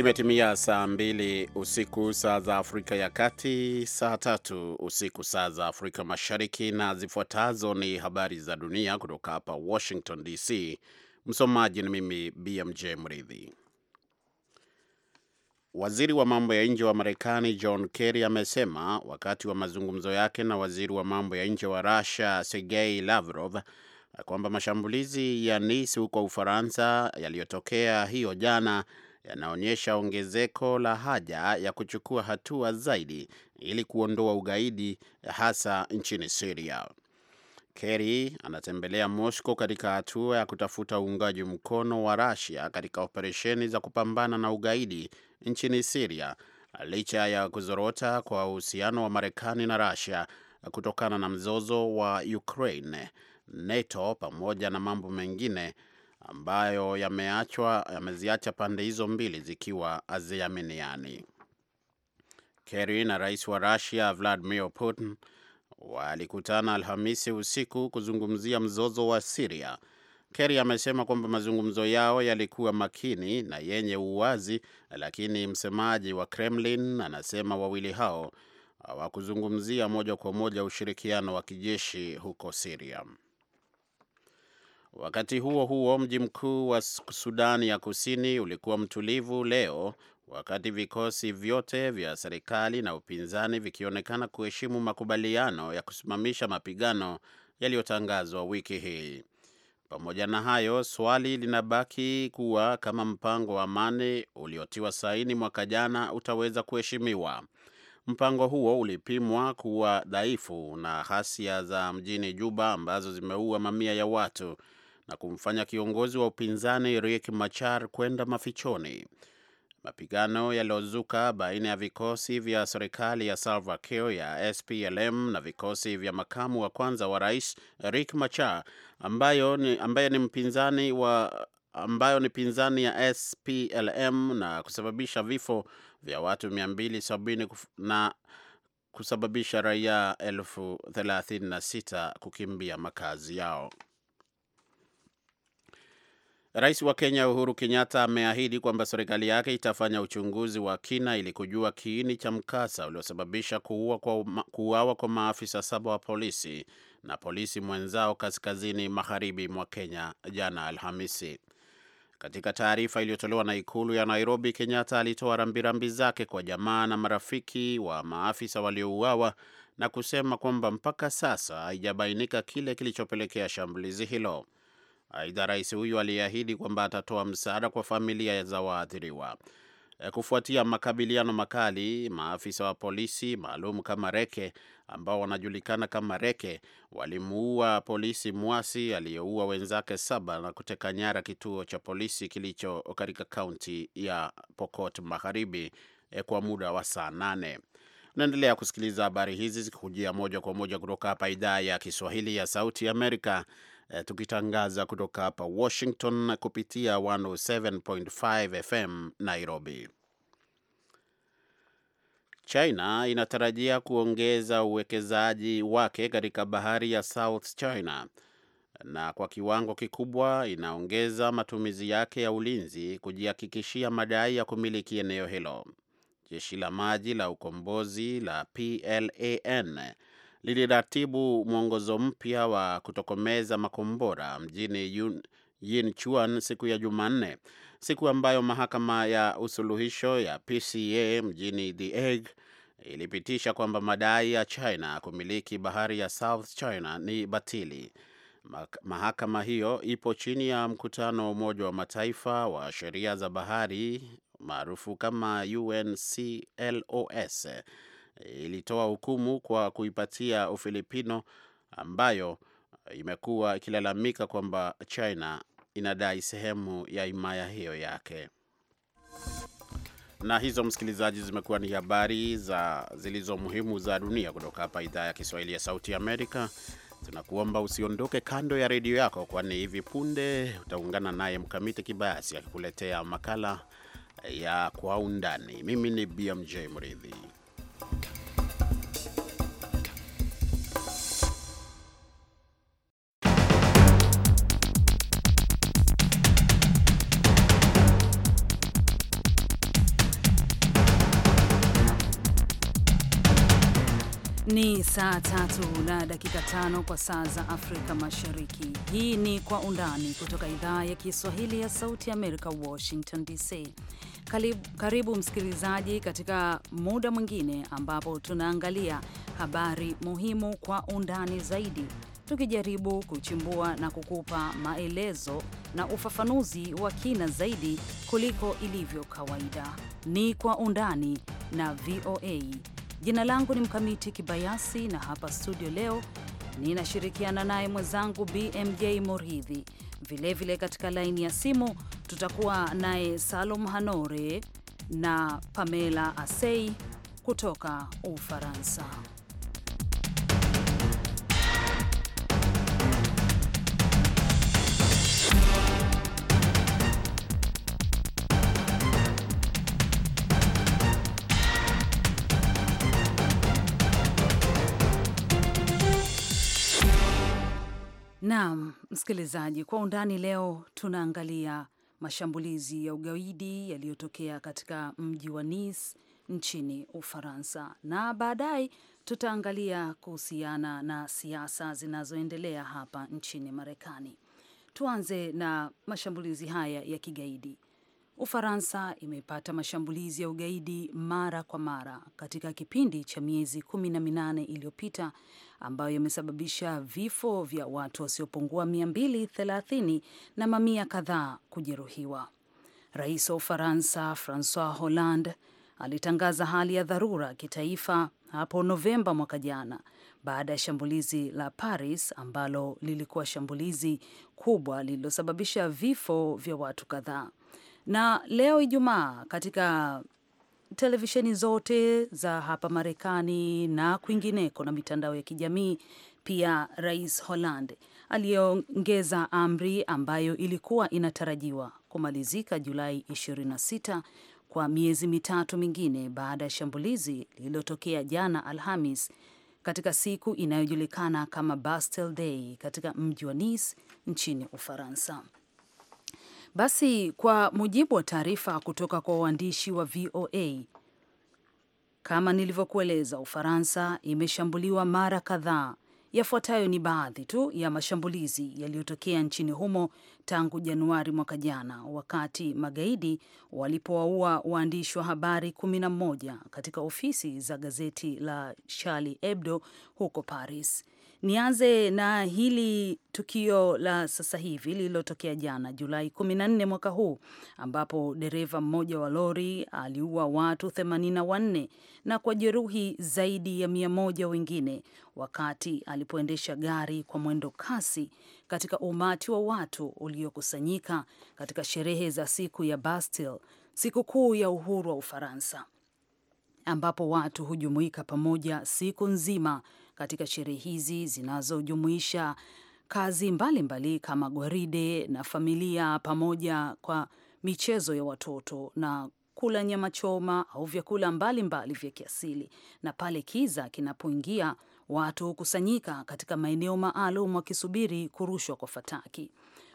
Imetimia saa mbili usiku saa za Afrika ya Kati, saa tatu usiku saa za Afrika Mashariki, na zifuatazo ni habari za dunia kutoka hapa Washington DC. Msomaji ni mimi BMJ Mridhi. Waziri wa mambo ya nje wa Marekani John Kerry amesema wakati wa mazungumzo yake na waziri wa mambo ya nje wa Russia Sergei Lavrov kwamba mashambulizi ya Nice huko Ufaransa yaliyotokea hiyo jana yanaonyesha ongezeko la haja ya kuchukua hatua zaidi ili kuondoa ugaidi hasa nchini siria Kerry anatembelea Moscow katika hatua ya kutafuta uungaji mkono wa Russia katika operesheni za kupambana na ugaidi nchini siria licha ya kuzorota kwa uhusiano wa Marekani na Russia kutokana na mzozo wa Ukraine, NATO pamoja na mambo mengine ambayo yameachwa yameziacha pande hizo mbili zikiwa haziaminiani. Kerry na rais wa Russia Vladimir Putin walikutana Alhamisi usiku kuzungumzia mzozo wa Siria. Kerry amesema kwamba mazungumzo yao yalikuwa makini na yenye uwazi, lakini msemaji wa Kremlin anasema wawili hao hawakuzungumzia moja kwa moja ushirikiano wa kijeshi huko Siria. Wakati huo huo, mji mkuu wa Sudani ya Kusini ulikuwa mtulivu leo wakati vikosi vyote vya serikali na upinzani vikionekana kuheshimu makubaliano ya kusimamisha mapigano yaliyotangazwa wiki hii. Pamoja na hayo, swali linabaki kuwa kama mpango wa amani uliotiwa saini mwaka jana utaweza kuheshimiwa. Mpango huo ulipimwa kuwa dhaifu na ghasia za mjini Juba ambazo zimeua mamia ya watu na kumfanya kiongozi wa upinzani Riek Machar kwenda mafichoni. Mapigano yaliyozuka baina ya vikosi vya serikali ya Salva Kiir ya SPLM na vikosi vya makamu wa kwanza wa rais Riek Machar ambayo ni, ambayo ni mpinzani wa ambayo ni pinzani ya SPLM na kusababisha vifo vya watu 270 na kusababisha raia elfu 36 kukimbia makazi yao. Rais wa Kenya Uhuru Kenyatta ameahidi kwamba serikali yake itafanya uchunguzi wa kina ili kujua kiini cha mkasa uliosababisha kuuawa kwa maafisa saba wa polisi na polisi mwenzao kaskazini magharibi mwa Kenya jana Alhamisi. Katika taarifa iliyotolewa na ikulu ya Nairobi, Kenyatta alitoa rambirambi zake kwa jamaa na marafiki wa maafisa waliouawa na kusema kwamba mpaka sasa haijabainika kile kilichopelekea shambulizi hilo. Aidha, rais huyu aliahidi kwamba atatoa msaada kwa familia za waathiriwa. E, kufuatia makabiliano makali, maafisa wa polisi maalum kama Reke ambao wanajulikana kama Reke walimuua polisi mwasi aliyeua wenzake saba na kuteka nyara kituo cha polisi kilicho katika kaunti ya Pokot Magharibi e, kwa muda wa saa nane. Unaendelea kusikiliza habari hizi zikikujia moja kwa moja kutoka hapa idhaa ya Kiswahili ya Sauti Amerika Eh, tukitangaza kutoka hapa Washington kupitia 107.5 FM Nairobi. China inatarajia kuongeza uwekezaji wake katika bahari ya South China na kwa kiwango kikubwa inaongeza matumizi yake ya ulinzi kujihakikishia madai ya kumiliki eneo hilo. Jeshi la maji la ukombozi la PLAN liliratibu mwongozo mpya wa kutokomeza makombora mjini yin Yinchuan siku ya Jumanne, siku ambayo mahakama ya usuluhisho ya PCA mjini The Hague ilipitisha kwamba madai ya China kumiliki bahari ya South China ni batili. Mahakama hiyo ipo chini ya mkutano wa Umoja wa Mataifa wa sheria za bahari maarufu kama UNCLOS ilitoa hukumu kwa kuipatia Ufilipino ambayo imekuwa ikilalamika kwamba China inadai sehemu ya himaya hiyo yake. Na hizo, msikilizaji, zimekuwa ni habari za zilizo muhimu za dunia kutoka hapa idhaa ya Kiswahili ya Sauti Amerika. Tunakuomba usiondoke kando ya redio yako, kwani hivi punde utaungana naye Mkamiti Kibayasi akikuletea makala ya Kwa Undani. Mimi ni BMJ Mridhi. saa tatu na dakika tano kwa saa za Afrika Mashariki. Hii ni Kwa Undani kutoka idhaa ya Kiswahili ya Sauti ya Amerika, Washington DC. Karibu, karibu msikilizaji, katika muda mwingine ambapo tunaangalia habari muhimu kwa undani zaidi, tukijaribu kuchimbua na kukupa maelezo na ufafanuzi wa kina zaidi kuliko ilivyo kawaida. Ni Kwa Undani na VOA Jina langu ni Mkamiti Kibayasi na hapa studio leo ninashirikiana naye mwenzangu BMJ Moridhi. Vilevile katika laini ya simu tutakuwa naye Salum Hanore na Pamela Asei kutoka Ufaransa. Msikilizaji, kwa undani leo tunaangalia mashambulizi ya ugaidi yaliyotokea katika mji wa Nice nchini Ufaransa, na baadaye tutaangalia kuhusiana na siasa zinazoendelea hapa nchini Marekani. Tuanze na mashambulizi haya ya kigaidi. Ufaransa imepata mashambulizi ya ugaidi mara kwa mara katika kipindi cha miezi kumi na minane iliyopita ambayo yamesababisha vifo vya watu wasiopungua 230 na mamia kadhaa kujeruhiwa. Rais wa Ufaransa Francois Hollande alitangaza hali ya dharura kitaifa hapo Novemba mwaka jana baada ya shambulizi la Paris ambalo lilikuwa shambulizi kubwa lililosababisha vifo vya watu kadhaa. Na leo Ijumaa, katika televisheni zote za hapa Marekani na kwingineko na mitandao ya kijamii. Pia Rais Hollande aliyeongeza amri ambayo ilikuwa inatarajiwa kumalizika Julai 26 kwa miezi mitatu mingine baada ya shambulizi lililotokea jana Alhamis katika siku inayojulikana kama Bastille Day katika mji wa Nice nchini Ufaransa. Basi kwa mujibu wa taarifa kutoka kwa waandishi wa VOA, kama nilivyokueleza, Ufaransa imeshambuliwa mara kadhaa. Yafuatayo ni baadhi tu ya mashambulizi yaliyotokea nchini humo tangu Januari mwaka jana, wakati magaidi walipowaua waandishi wa habari 11 katika ofisi za gazeti la Charlie Hebdo huko Paris. Nianze na hili tukio la sasa hivi lililotokea jana Julai 14 mwaka huu, ambapo dereva mmoja wa lori aliua watu 84 na kwa jeruhi zaidi ya mia moja wengine wakati alipoendesha gari kwa mwendo kasi katika umati wa watu uliokusanyika katika sherehe za siku ya Bastille, sikukuu ya uhuru wa Ufaransa ambapo watu hujumuika pamoja siku nzima katika sherehe hizi zinazojumuisha kazi mbalimbali mbali kama gwaride na familia pamoja kwa michezo ya watoto na kula nyama choma au vyakula mbalimbali vya kiasili. Na pale kiza kinapoingia, watu hukusanyika katika maeneo maalum wakisubiri kurushwa kwa fataki.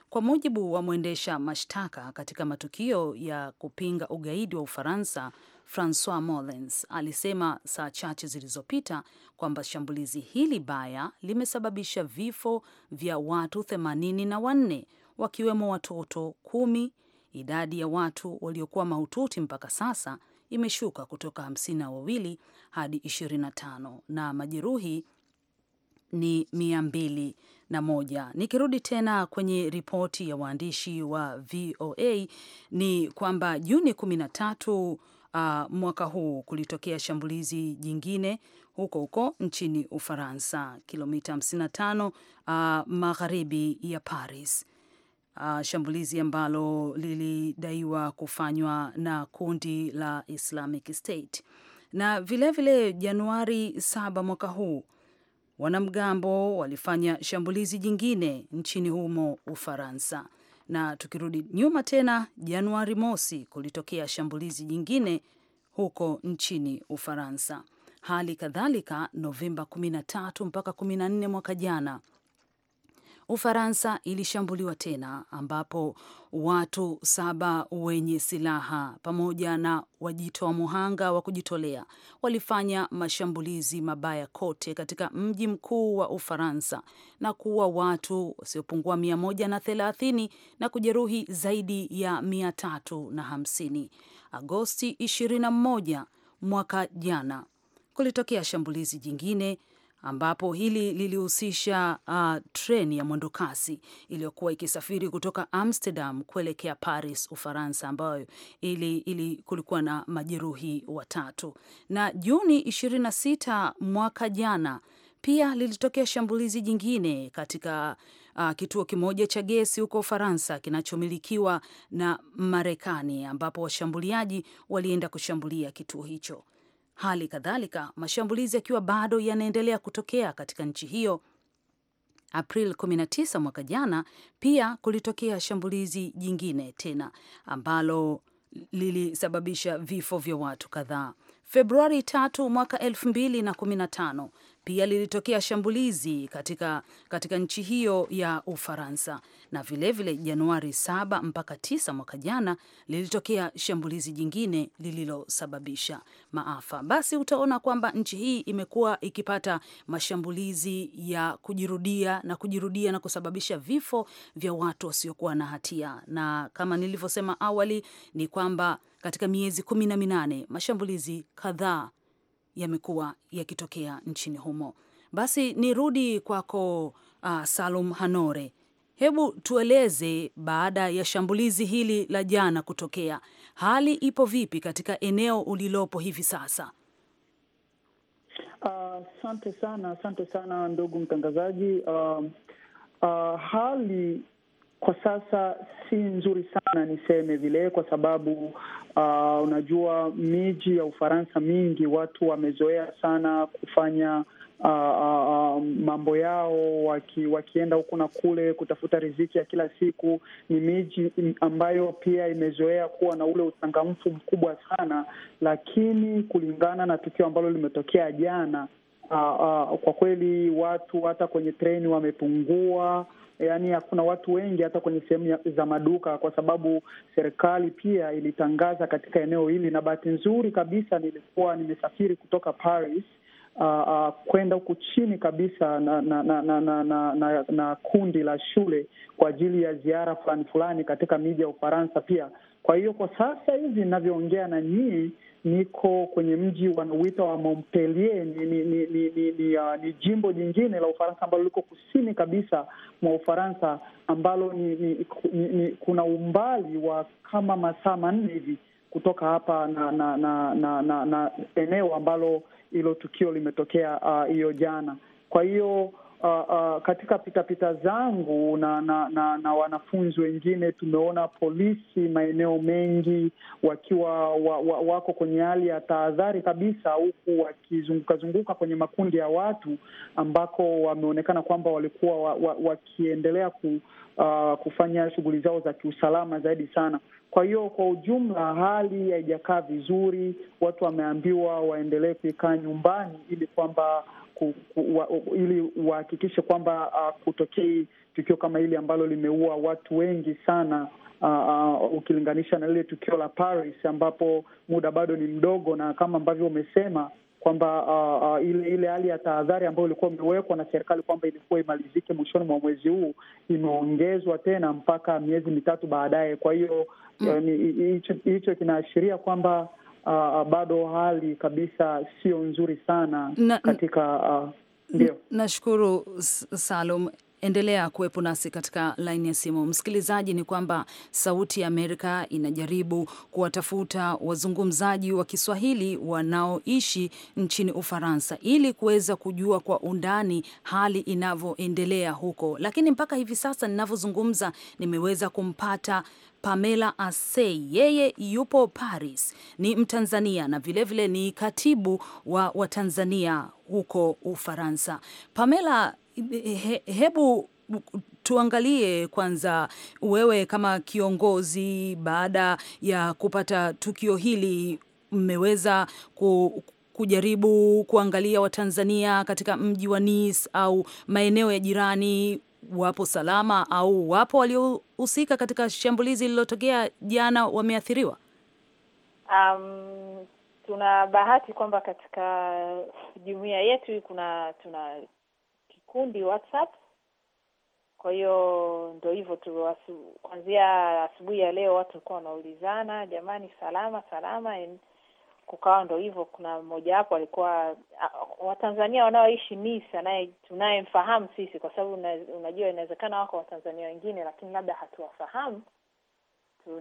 Kwa mujibu wa mwendesha mashtaka katika matukio ya kupinga ugaidi wa Ufaransa Francois Mollens alisema saa chache zilizopita kwamba shambulizi hili baya limesababisha vifo vya watu themanini na wanne wakiwemo watoto kumi. Idadi ya watu waliokuwa mahututi mpaka sasa imeshuka kutoka hamsini na wawili hadi 25 na majeruhi ni mia mbili na moja. Nikirudi tena kwenye ripoti ya waandishi wa VOA ni kwamba Juni kumi na tatu Uh, mwaka huu kulitokea shambulizi jingine huko huko nchini Ufaransa, kilomita 55 uh, ah, magharibi ya Paris. Uh, shambulizi ambalo lilidaiwa kufanywa na kundi la Islamic State. Na vilevile vile Januari 7 mwaka huu Wanamgambo walifanya shambulizi jingine nchini humo Ufaransa. Na tukirudi nyuma tena, Januari mosi kulitokea shambulizi jingine huko nchini Ufaransa. Hali kadhalika Novemba 13 mpaka 14 mwaka jana Ufaransa ilishambuliwa tena ambapo watu saba wenye silaha pamoja na wajitoa muhanga wa kujitolea walifanya mashambulizi mabaya kote katika mji mkuu wa Ufaransa na kuua watu wasiopungua mia moja na thelathini na kujeruhi zaidi ya mia tatu na hamsini. Agosti 21 mwaka jana kulitokea shambulizi jingine ambapo hili lilihusisha uh, treni ya mwendokasi iliyokuwa ikisafiri kutoka Amsterdam kuelekea Paris, Ufaransa, ambayo ili, ili kulikuwa na majeruhi watatu. Na Juni 26 mwaka jana pia lilitokea shambulizi jingine katika uh, kituo kimoja cha gesi huko Ufaransa kinachomilikiwa na Marekani ambapo washambuliaji walienda kushambulia kituo hicho. Hali kadhalika mashambulizi yakiwa bado yanaendelea kutokea katika nchi hiyo. April 19 mwaka jana pia kulitokea shambulizi jingine tena ambalo lilisababisha vifo vya watu kadhaa. Februari 3 mwaka 2015 pia lilitokea shambulizi katika, katika nchi hiyo ya Ufaransa, na vilevile vile Januari 7 mpaka 9 mwaka jana lilitokea shambulizi jingine lililosababisha maafa. Basi utaona kwamba nchi hii imekuwa ikipata mashambulizi ya kujirudia na kujirudia na kusababisha vifo vya watu wasiokuwa na hatia, na kama nilivyosema awali ni kwamba katika miezi kumi na minane mashambulizi kadhaa yamekuwa yakitokea nchini humo. Basi nirudi kwako uh, Salum Hanore, hebu tueleze, baada ya shambulizi hili la jana kutokea, hali ipo vipi katika eneo ulilopo hivi sasa? Uh, asante uh, sana. Asante sana ndugu mtangazaji. uh, uh, hali kwa sasa si nzuri sana niseme vile, kwa sababu uh, unajua miji ya Ufaransa mingi watu wamezoea sana kufanya uh, uh, um, mambo yao waki, wakienda huku na kule kutafuta riziki ya kila siku. Ni miji ambayo pia imezoea kuwa na ule uchangamfu mkubwa sana, lakini kulingana na tukio ambalo limetokea jana, uh, uh, kwa kweli watu hata kwenye treni wamepungua yani hakuna watu wengi hata kwenye sehemu za maduka, kwa sababu serikali pia ilitangaza katika eneo hili, na bahati nzuri kabisa nilikuwa nimesafiri kutoka Paris Uh, uh, kwenda huku chini kabisa na na na, na, na, na na kundi la shule kwa ajili ya ziara fulani fulani katika miji ya Ufaransa pia. Kwa hiyo kwa sasa hivi ninavyoongea na nyinyi niko kwenye mji wanaoita wa Montpellier, ni, ni, ni, ni, ni, ni, uh, ni jimbo jingine la Ufaransa ambalo liko kusini kabisa mwa Ufaransa ambalo ni, ni, ni, ni, kuna umbali wa kama masaa manne hivi kutoka hapa na na na, na, na, na eneo ambalo hilo tukio limetokea uh, hiyo uh, jana. Kwa hiyo uh, uh, katika pitapita pita zangu na, na, na, na wanafunzi wengine tumeona polisi maeneo mengi wakiwa wa, wa, wako kwenye hali ya tahadhari kabisa, huku wakizungukazunguka kwenye makundi ya watu ambako wameonekana kwamba walikuwa wa, wa, wakiendelea ku, uh, kufanya shughuli zao za kiusalama zaidi sana. Kwa hiyo kwa ujumla hali haijakaa vizuri. Watu wameambiwa waendelee kuikaa nyumbani ili kwamba ku, ku, wa, ili wahakikishe kwamba uh, kutokei tukio kama hili ambalo limeua watu wengi sana uh, uh, ukilinganisha na lile tukio la Paris ambapo muda bado ni mdogo, na kama ambavyo umesema kwamba uh, uh, ile ile hali ya tahadhari ambayo ilikuwa imewekwa na serikali kwamba ilikuwa imalizike mwishoni mwa mwezi huu imeongezwa tena mpaka miezi mitatu baadaye. Kwa hiyo mm. Eh, hicho mm. uh, kinaashiria kwamba uh, bado hali kabisa sio nzuri sana na, katika uh, ndio. Nashukuru Salum, endelea kuwepo nasi katika laini ya simu. Msikilizaji, ni kwamba Sauti ya Amerika inajaribu kuwatafuta wazungumzaji wa Kiswahili wanaoishi nchini Ufaransa ili kuweza kujua kwa undani hali inavyoendelea huko, lakini mpaka hivi sasa ninavyozungumza, nimeweza kumpata Pamela Asei, yeye yupo Paris, ni Mtanzania na vilevile vile ni katibu wa Watanzania huko Ufaransa. Pamela, he, hebu tuangalie kwanza, wewe kama kiongozi, baada ya kupata tukio hili, mmeweza ku kujaribu kuangalia Watanzania katika mji wa Nice au maeneo ya jirani wapo salama au wapo waliohusika katika shambulizi lililotokea jana wameathiriwa? Um, tuna bahati kwamba katika jumuiya yetu kuna tuna kikundi WhatsApp kwa hiyo ndo hivyo tu, kuanzia asubuhi ya leo watu walikuwa wanaulizana, jamani, salama salama, kukawa ndo hivyo, kuna mmoja wapo alikuwa Watanzania wanaoishi Nisa naye tunayemfahamu sisi, kwa sababu una, unajua inawezekana wako Watanzania wengine, lakini labda hatuwafahamu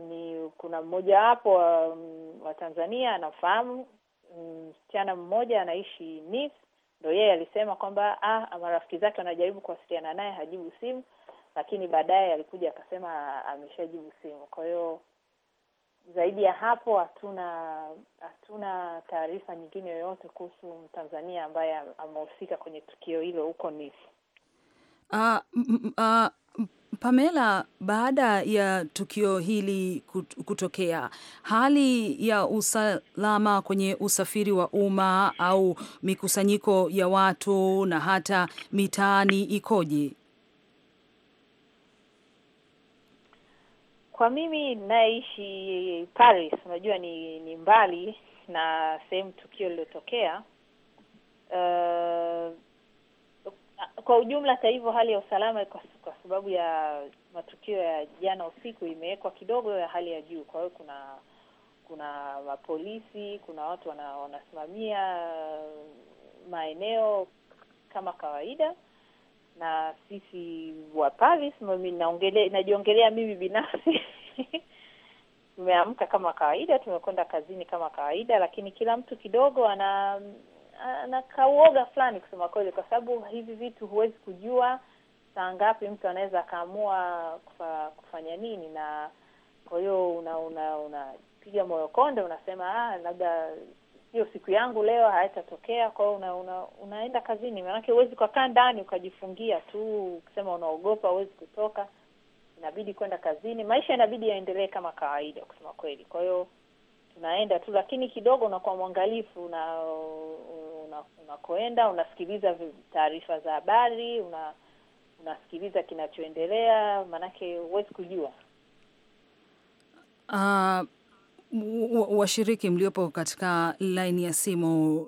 ni kuna mmoja wapo wa Tanzania anafahamu msichana mmoja anaishi Nice, Ndo yeye alisema kwamba ah, marafiki zake wanajaribu kuwasiliana naye hajibu simu, lakini baadaye alikuja akasema ameshajibu simu. Kwa hiyo zaidi ya hapo hatuna hatuna taarifa nyingine yoyote kuhusu Mtanzania ambaye amehusika kwenye tukio hilo huko Nice. Uh, uh, Pamela, baada ya tukio hili kutokea, hali ya usalama kwenye usafiri wa umma au mikusanyiko ya watu na hata mitaani ikoje? Kwa mimi ninayeishi Paris, unajua ni, ni mbali na sehemu tukio lilotokea. Uh, kwa ujumla hata hivyo, hali ya usalama kwa, kwa sababu ya matukio ya jana usiku imewekwa kidogo ya hali ya juu. Kwa hiyo kuna kuna mapolisi, kuna watu wana, wanasimamia maeneo kama kawaida na sisi wa Paris, mimi naongelea najiongelea mimi binafsi tumeamka kama kawaida, tumekwenda kazini kama kawaida, lakini kila mtu kidogo ana ana kauoga fulani kusema kweli, kwa sababu hivi vitu huwezi kujua saa ngapi mtu anaweza akaamua kufa, kufanya nini, na kwa hiyo una unapiga una, moyo konde, unasema ah, labda hiyo siku yangu leo haitatokea kwao, una, una, unaenda kazini. Maanake huwezi ukakaa ndani ukajifungia tu ukisema unaogopa, huwezi kutoka, inabidi kwenda kazini. Maisha inabidi yaendelee kama kawaida, kusema kweli. Kwa hiyo tunaenda tu, lakini kidogo unakuwa mwangalifu una, una, unakoenda, unasikiliza taarifa za habari, una unasikiliza kinachoendelea, maanake huwezi kujua uh washiriki mliopo katika laini ya simu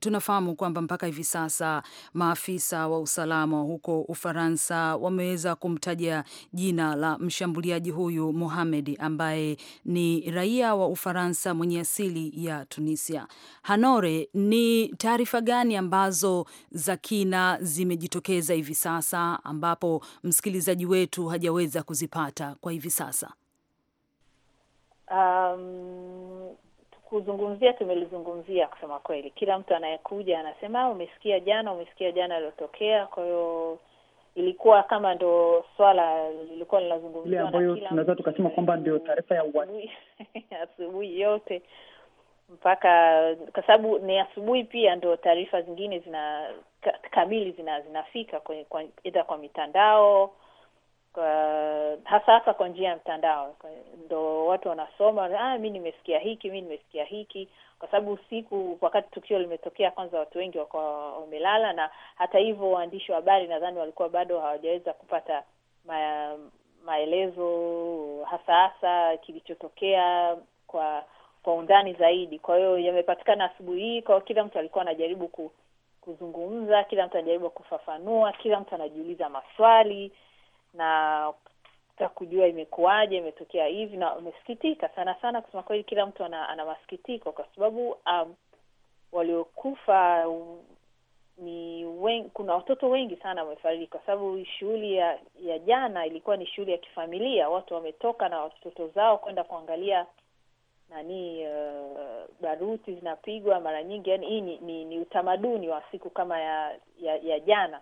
tunafahamu kwamba mpaka hivi sasa maafisa wa usalama huko Ufaransa wameweza kumtaja jina la mshambuliaji huyu Mohamed ambaye ni raia wa Ufaransa mwenye asili ya Tunisia. Hanore, ni taarifa gani ambazo za kina zimejitokeza hivi sasa ambapo msikilizaji wetu hajaweza kuzipata kwa hivi sasa? um, kuzungumzia tumelizungumzia kusema kweli. Kila mtu anayekuja anasema umesikia jana, umesikia jana lilotokea. Kwa hiyo ilikuwa kama ndo swala lilikuwa linazungumzia ambayo tunaweza tukasema kwamba ndio taarifa ya asubuhi yote mpaka kwa sababu ni asubuhi pia ndo taarifa zingine zina kamili zina, zinafika kwa, kwa, kwa mitandao kwa, hasa hasa kwa njia ya mtandao ndo watu wanasoma ah, mi nimesikia hiki, mi nimesikia hiki, kwa sababu usiku, wakati tukio limetokea, kwanza watu wengi wakwa wamelala, na hata hivyo waandishi wa habari nadhani walikuwa bado hawajaweza kupata ma, maelezo hasa hasa kilichotokea kwa kwa undani zaidi. Kwa hiyo yamepatikana asubuhi hii, kwao kila mtu alikuwa anajaribu ku, kuzungumza, kila mtu anajaribu kufafanua, kila mtu anajiuliza maswali na ta kujua imekuwaje, imetokea hivi, na umesikitika sana sana. Kusema kweli, kila mtu ana, ana masikitiko kwa sababu um, waliokufa um, ni kuna watoto wengi sana wamefariki, kwa sababu shughuli ya, ya jana ilikuwa ni shughuli ya kifamilia. Watu wametoka na watoto zao kwenda kuangalia nani, uh, baruti zinapigwa mara nyingi. Yani hii ni, ni, ni utamaduni wa siku kama ya ya, ya jana.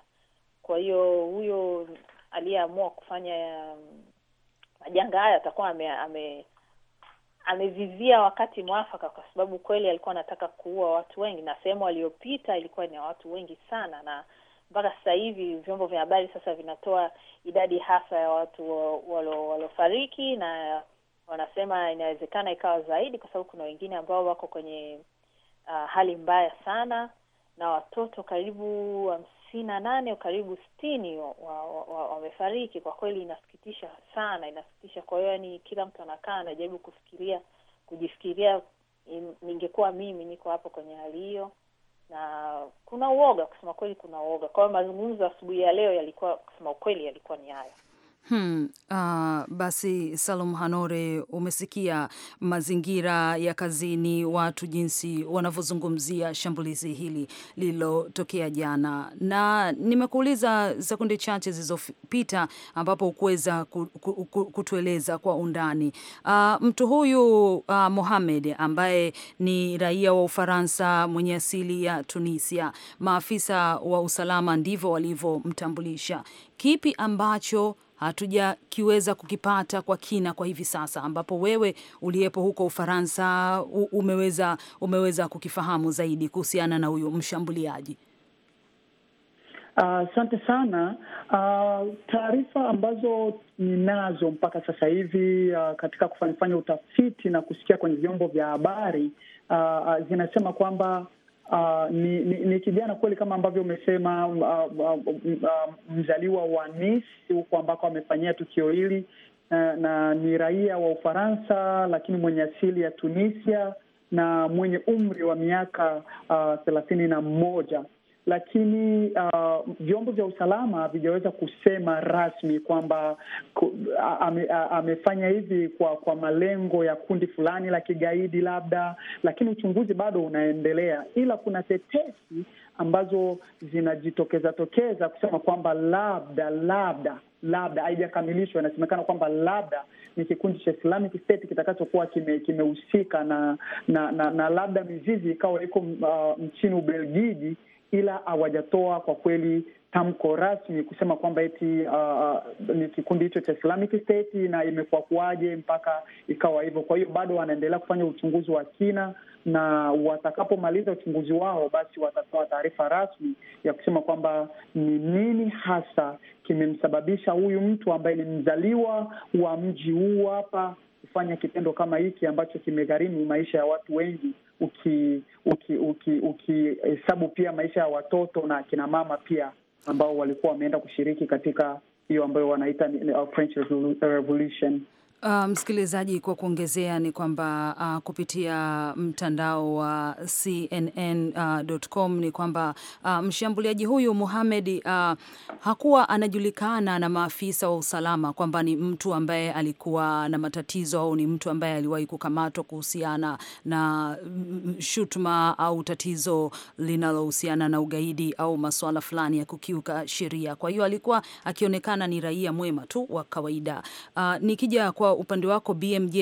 Kwa hiyo huyo aliyeamua kufanya um, majanga haya atakuwa ame, ame amevivia wakati mwafaka, kwa sababu kweli alikuwa anataka kuua watu wengi, na sehemu aliyopita ilikuwa ni watu wengi sana, na mpaka sasa hivi vyombo vya habari sasa vinatoa idadi hasa ya watu waliofariki, na wanasema inawezekana ikawa zaidi, kwa sababu kuna wengine ambao wako kwenye uh, hali mbaya sana, na watoto karibu hamsini na nane karibu sitini wamefariki wa, wa, wa kwa kweli inasikitisha sana, inasikitisha. Kwa hiyo yani kila mtu anakaa anajaribu kufikiria kujifikiria, ningekuwa mimi niko hapo kwenye hali hiyo, na kuna uoga, kusema kweli kuna uoga. Kwa hiyo mazungumzo asubuhi ya leo yalikuwa, kusema ukweli, yalikuwa ni hayo. Hmm, uh, basi Salum Hanore, umesikia mazingira ya kazini, watu jinsi wanavyozungumzia shambulizi hili lililotokea jana, na nimekuuliza sekunde chache zilizopita ambapo ukuweza kutueleza kwa undani uh, mtu huyu uh, Mohamed ambaye ni raia wa Ufaransa mwenye asili ya Tunisia, maafisa wa usalama ndivyo walivyomtambulisha. Kipi ambacho hatujakiweza kukipata kwa kina kwa hivi sasa, ambapo wewe uliyepo huko Ufaransa umeweza, umeweza kukifahamu zaidi kuhusiana na huyu mshambuliaji? Ah, asante uh, sana. Uh, taarifa ambazo ninazo mpaka sasa hivi uh, katika kufanya utafiti na kusikia kwenye vyombo vya habari uh, uh, zinasema kwamba Uh, ni, ni, ni kijana kweli kama ambavyo umesema, uh, uh, uh, mzaliwa wa Nice huko ambako amefanyia tukio hili na, na ni raia wa Ufaransa lakini mwenye asili ya Tunisia na mwenye umri wa miaka thelathini uh, na moja lakini uh, vyombo uh, vya usalama havijaweza kusema rasmi kwamba ame, amefanya hivi kwa kwa malengo ya kundi fulani la kigaidi labda, lakini uchunguzi bado unaendelea, ila kuna tetesi ambazo zinajitokeza tokeza kusema kwamba labda labda labda haijakamilishwa. Inasemekana kwamba labda ni kikundi cha Islamic State kitakachokuwa kimehusika kime na, na, na, na labda mizizi ikawa iko uh, nchini Ubelgiji ila hawajatoa kwa kweli tamko rasmi kusema kwamba eti uh, uh, ni kikundi hicho cha Islamic State na imekuwa kuwaje mpaka ikawa hivyo. Kwa hiyo bado wanaendelea kufanya uchunguzi wa kina, na watakapomaliza uchunguzi wao, basi watatoa taarifa rasmi ya kusema kwamba ni nini hasa kimemsababisha huyu mtu ambaye ni mzaliwa wa mji huu hapa kufanya kitendo kama hiki ambacho kimegharimu maisha ya watu wengi ukihesabu uki, uki, uki, pia maisha ya watoto na akina mama pia ambao walikuwa wameenda kushiriki katika hiyo ambayo wanaita uh, French Revolution. Uh, msikilizaji, kwa kuongezea ni kwamba uh, kupitia mtandao wa uh, CNN.com uh, ni kwamba uh, mshambuliaji huyu Mohamed uh, hakuwa anajulikana na maafisa wa usalama kwamba ni mtu ambaye alikuwa na matatizo au ni mtu ambaye aliwahi kukamatwa kuhusiana na mm, shutuma au tatizo linalohusiana na ugaidi au masuala fulani ya kukiuka sheria. Kwa hiyo alikuwa akionekana ni raia mwema tu wa kawaida. Uh, nikija kwa upande wako BMJ,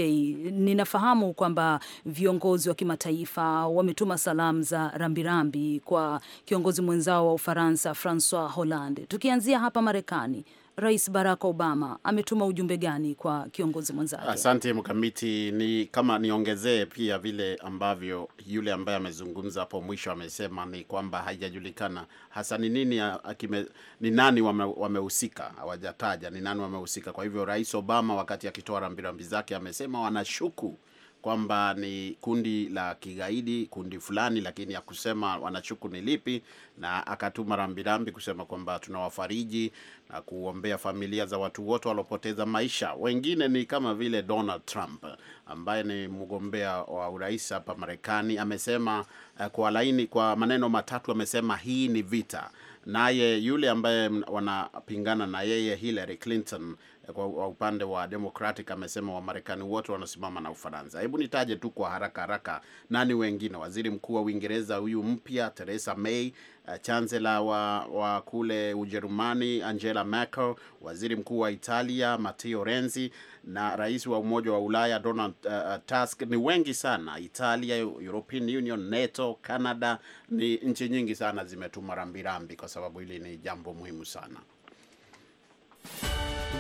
ninafahamu kwamba viongozi wa kimataifa wametuma salamu za rambirambi kwa kiongozi mwenzao wa Ufaransa Francois Hollande. Tukianzia hapa Marekani, Rais Barack Obama ametuma ujumbe gani kwa kiongozi mwenzake? Asante Mkamiti. Ni kama niongezee pia vile ambavyo yule ambaye amezungumza hapo mwisho amesema ni kwamba haijajulikana hasa ni nini akime, ni nani wamehusika, wame hawajataja ni nani wamehusika. Kwa hivyo Rais Obama wakati akitoa rambirambi zake amesema wanashuku kwamba ni kundi la kigaidi, kundi fulani, lakini hakusema wanachuku ni lipi, na akatuma rambirambi kusema kwamba tunawafariji na kuombea familia za watu wote waliopoteza maisha. Wengine ni kama vile Donald Trump ambaye ni mgombea wa urais hapa Marekani, amesema eh, kwa laini, kwa maneno matatu, amesema hii ni vita. Naye yule ambaye wanapingana na yeye Hillary Clinton kwa upande wa Democratic amesema Wamarekani wote wanasimama na Ufaransa. Hebu nitaje tu kwa haraka haraka nani wengine: waziri mkuu wa Uingereza huyu mpya Theresa May, uh, chancellor wa, wa kule Ujerumani Angela Merkel, waziri mkuu wa Italia Matteo Renzi na rais wa Umoja wa Ulaya Donald uh, Tusk. Ni wengi sana, Italia, European Union, NATO, Canada, ni nchi nyingi sana zimetuma rambirambi kwa sababu hili ni jambo muhimu sana.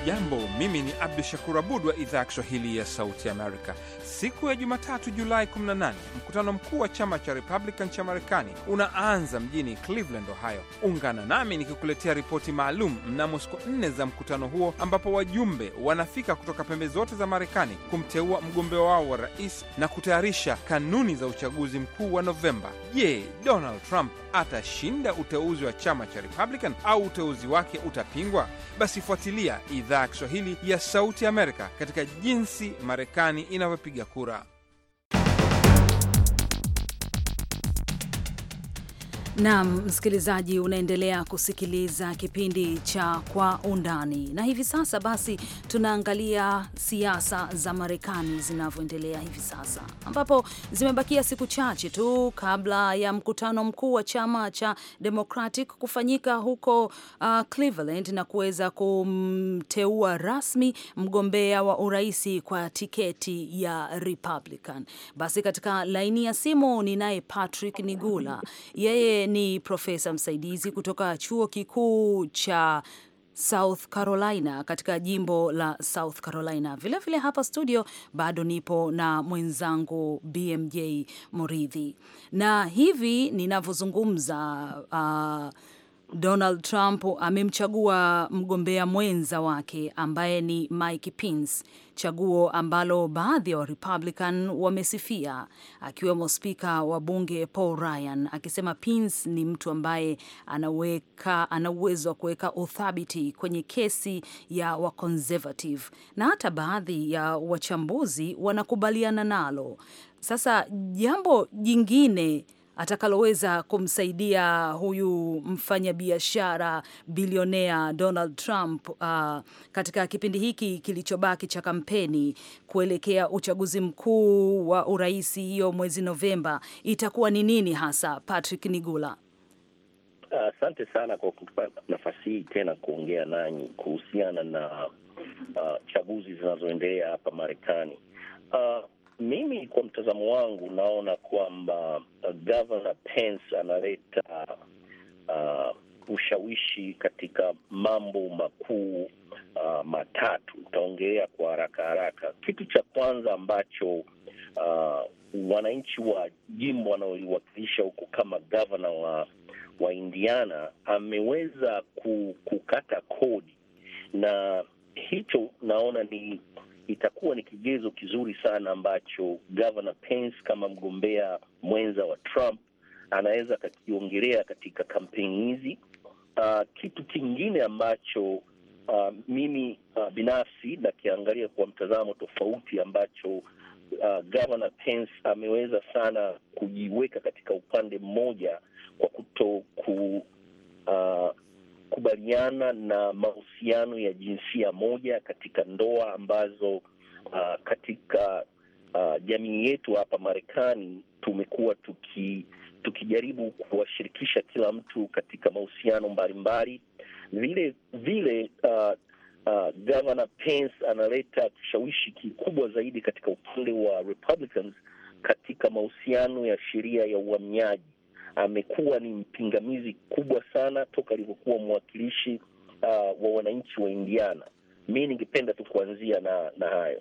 Jambo, mimi ni Abdu Shakur Abud wa idhaa ya Kiswahili ya Sauti Amerika. Siku ya Jumatatu, Julai 18, mkutano mkuu wa chama cha Republican cha Marekani unaanza mjini Cleveland, Ohio. Ungana nami nikikuletea ripoti maalum mnamo siku nne za mkutano huo, ambapo wajumbe wanafika kutoka pembe zote za Marekani kumteua mgombea wao wa rais na kutayarisha kanuni za uchaguzi mkuu wa Novemba. Je, Donald Trump atashinda uteuzi wa chama cha Republican au uteuzi wake utapingwa? Basi fuatilia idhaa ya Kiswahili ya Sauti Amerika katika jinsi Marekani inavyopiga kura. Naam, msikilizaji, unaendelea kusikiliza kipindi cha Kwa Undani, na hivi sasa basi tunaangalia siasa za Marekani zinavyoendelea hivi sasa, ambapo zimebakia siku chache tu kabla ya mkutano mkuu wa chama cha Democratic kufanyika huko uh, Cleveland na kuweza kumteua rasmi mgombea wa uraisi kwa tiketi ya Republican. Basi katika laini ya simu ninaye Patrick Nigula, yeye ni profesa msaidizi kutoka chuo kikuu cha South Carolina katika jimbo la South Carolina. Vilevile vile hapa studio bado nipo na mwenzangu BMJ Muridhi, na hivi ninavyozungumza uh, Donald Trump amemchagua mgombea mwenza wake ambaye ni Mike Pence, chaguo ambalo baadhi ya wa Republican wamesifia, akiwemo spika wa bunge Paul Ryan akisema Pence ni mtu ambaye anaweka ana uwezo wa kuweka uthabiti kwenye kesi ya wa conservative, na hata baadhi ya wachambuzi wanakubaliana nalo. Sasa jambo jingine atakaloweza kumsaidia huyu mfanyabiashara bilionea Donald Trump uh, katika kipindi hiki kilichobaki cha kampeni kuelekea uchaguzi mkuu wa urais hiyo mwezi Novemba itakuwa ni nini hasa? Patrick Nigula. Asante uh, sana kwa kupa nafasi hii tena kuongea nanyi kuhusiana na uh, chaguzi zinazoendelea hapa Marekani. Uh, mimi kwa mtazamo wangu naona kwamba uh, gavana Pence analeta uh, ushawishi katika mambo makuu uh, matatu. Nitaongelea kwa haraka haraka. Kitu cha kwanza ambacho uh, wananchi wa jimbo wanaoliwakilisha huko kama gavana wa, wa Indiana ameweza kukata kodi, na hicho naona ni itakuwa ni kigezo kizuri sana ambacho Governor Pence kama mgombea mwenza wa Trump anaweza akakiongelea katika kampeni hizi. Uh, kitu kingine ambacho uh, mimi uh, binafsi nakiangalia kwa mtazamo tofauti ambacho uh, Governor Pence ameweza sana kujiweka katika upande mmoja kwa kuto ku uh, kukubaliana na mahusiano ya jinsia moja katika ndoa ambazo uh, katika uh, jamii yetu hapa Marekani tumekuwa tuki tukijaribu kuwashirikisha kila mtu katika mahusiano mbalimbali. Vile vile uh, uh, Gavana Pence analeta kishawishi kikubwa zaidi katika upande wa Republicans katika mahusiano ya sheria ya uhamiaji amekuwa ni mpingamizi kubwa sana toka alivyokuwa mwakilishi uh, wa wananchi wa Indiana. Mi ningependa tu kuanzia na na hayo.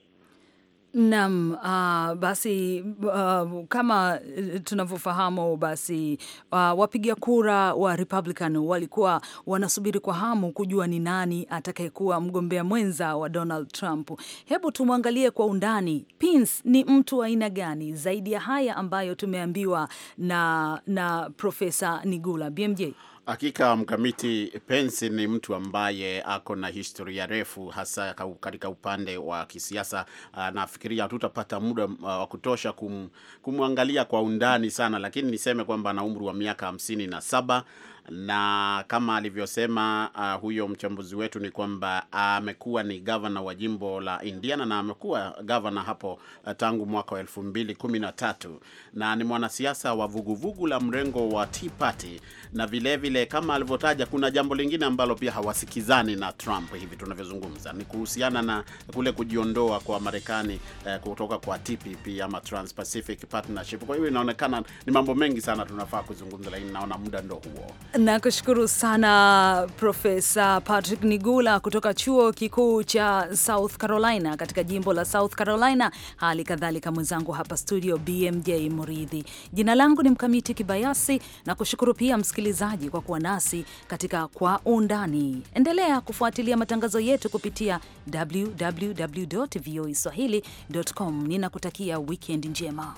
Naam, uh, basi uh, kama eh, tunavyofahamu basi uh, wapiga kura wa Republican walikuwa wanasubiri kwa hamu kujua ni nani atakayekuwa mgombea mwenza wa Donald Trump. Hebu tumwangalie kwa undani, Pence ni mtu wa aina gani zaidi ya haya ambayo tumeambiwa na, na Profesa Nigula BMJ. Hakika mkamiti Pence ni mtu ambaye ako na historia refu hasa katika upande wa kisiasa. Ah, nafikiria hatutapata muda ah, wa kutosha kum, kumwangalia kwa undani sana, lakini niseme kwamba ana umri wa miaka hamsini na saba na kama alivyosema uh, huyo mchambuzi wetu ni kwamba amekuwa uh, ni gavana wa jimbo la Indiana na amekuwa gavana hapo uh, tangu mwaka wa elfu mbili kumi na tatu na ni mwanasiasa wa vuguvugu la mrengo wa Tea Party, na vilevile vile, kama alivyotaja, kuna jambo lingine ambalo pia hawasikizani na Trump hivi tunavyozungumza ni kuhusiana na kule kujiondoa kwa Marekani uh, kutoka kwa TPP ama Trans-Pacific Partnership. Kwa hiyo inaonekana ni mambo mengi sana tunafaa kuzungumza, lakini naona muda ndo huo. Nakushukuru sana Profesa Patrick Nigula kutoka chuo kikuu cha South Carolina katika jimbo la South Carolina, hali kadhalika mwenzangu hapa studio BMJ Muridhi. Jina langu ni Mkamiti Kibayasi na kushukuru pia msikilizaji kwa kuwa nasi katika Kwa Undani. Endelea kufuatilia matangazo yetu kupitia www voa e swahili.com. Ninakutakia wikend njema.